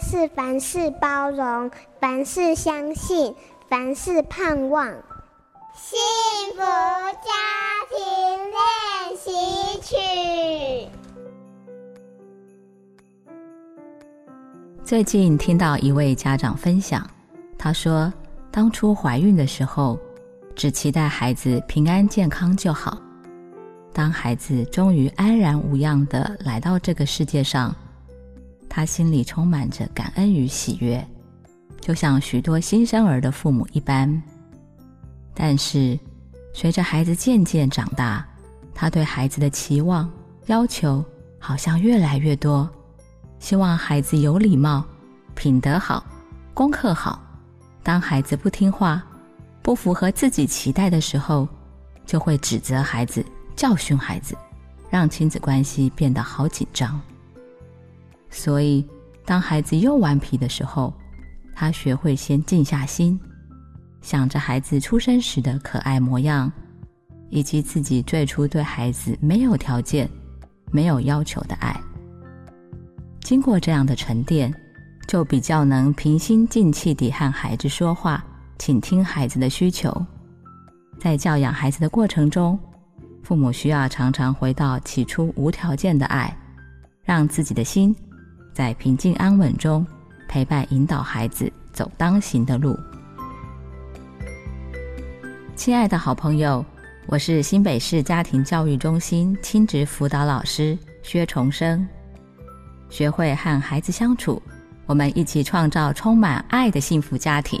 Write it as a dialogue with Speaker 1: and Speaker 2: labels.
Speaker 1: 是凡事包容，凡事相信，凡事盼望。幸福家庭練
Speaker 2: 習曲。最近聽到一位家長分享，他說：“當初懷孕的時候，只期待孩子平安健康就好。當孩子終於安然無恙的來到這個世界上。”他心裡充滿着感恩與喜悅，就像許多新生兒的父母一般。但是，隨着孩子漸漸長大，他對孩子的期望、要求好像越來越多。希望孩子有禮貌、品德好、功課好。當孩子不聽話、不符合自己期待的時候，就會指責孩子、教訓孩子，讓親子關係變得好緊張。所以，當孩子又頑皮的時候，他學會先靜下心，想着孩子出生時的可愛模樣，以及自己最初對孩子沒有條件、沒有要求的愛。經過這樣的沉澱，就比較能平心靜氣地和孩子說話，傾聽孩子的需求。在教養孩子的過程中，父母需要常常回到起初無條件的愛，讓自己的心。在平靜安穩中陪伴引導孩子走當行的路。親愛的好朋友，我是新北市家庭教育中心親職輔導老師薛重生。學會和孩子相處，我們一起創造充滿愛的幸福家庭。